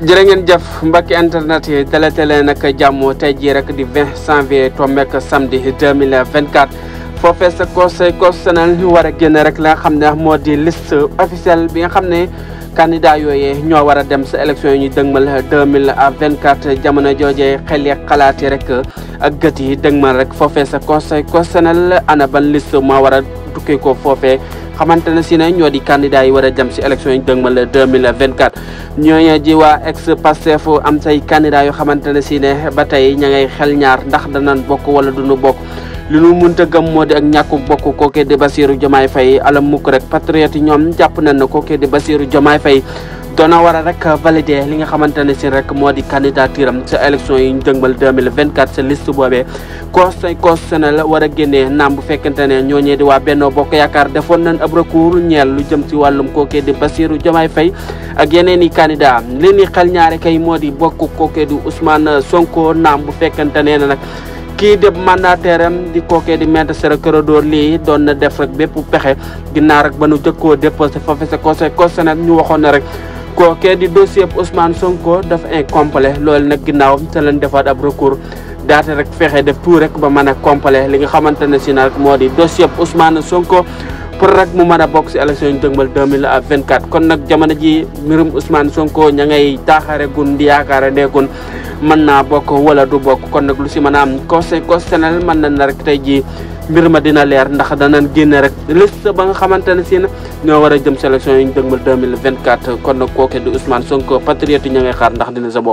jërë ngeen jëf mbakki internet yi tele tele nag jàmm tey jii rek di 20 janvier tombeek samedi 2024 foofee sa conseil constitutionnel war a génn rek la xam ne moo di liste officielle bi nga xam ne candidat yooyee ñoo war a dem sa élection yi ñu dëgmal 2024 jamono joojee xel yi xalaat yi rek ak gët yi dëgmal rek foofee sa conseil constitutionnel ana ban liste moo war a dukkee ko foofee xamante ne si ne ñoo di candidat yi war a jëm si élection yi dëgmal la 2024 ñooñu ji waa ex Pastef am say candidat yoo xamante ne si ne ba tey ña ngay xel ñaar ndax danañ bokk wala duñu bokk lu nu mënta gëm moo di ak ñàkku bokk kookee di Bassirou Diomaye Faye alam mukk rek patriote yi ñoom jàpp nañ ne kookee di Bassirou Diomaye fay Dona wara rek valider li nga xamantene ne rek modi di candidature am sa élection yi ñu dëngbal 2024 ci liste bobé conseil constitutionnel wara a nam bu fekkentene ne ñooñee di wa benno bokk yakar defon nañ ab recours ñeel lu jëm ci walum koké di basiru jomaay fay ak yeneeni candidat li ni xel ñaare kay modi di bokk koké du ousmane eh, sonko nam bu fekkentene ne ki deb mandataire am di koké di maître sera këradoor li don na def rek bép pexé ginnaar ak banu jëkko déposé fofé sa conseil constitutionnel ñu waxon rek kookee di dossier bu Ousmane def dafa incomplet loolu nag ginnaawam te leen defaat ab recours daate rek fexe def tout rek ba mën a complet li nga xamante ne si nag moo di dossier bu Ousmane Sonko pour rek mu mën a bokk si élection yu dëgmal 2024 kon nag jamono ji mbirum Ousmane Sonko ña ngay taaxare gun di yaakaare neegun mën naa bokk wala du bokk kon nag lu si mën a am conseil constitutionnel mën na rek tey jii mbir ma dina leer ndax danañ génne rek liste ba nga xamante ne si na ñoo war a jëm sélection yi ñu dëgmal 2024 kon nag kooke di Ousmane Sonko patriote yi ña xaar ndax dina sa bopp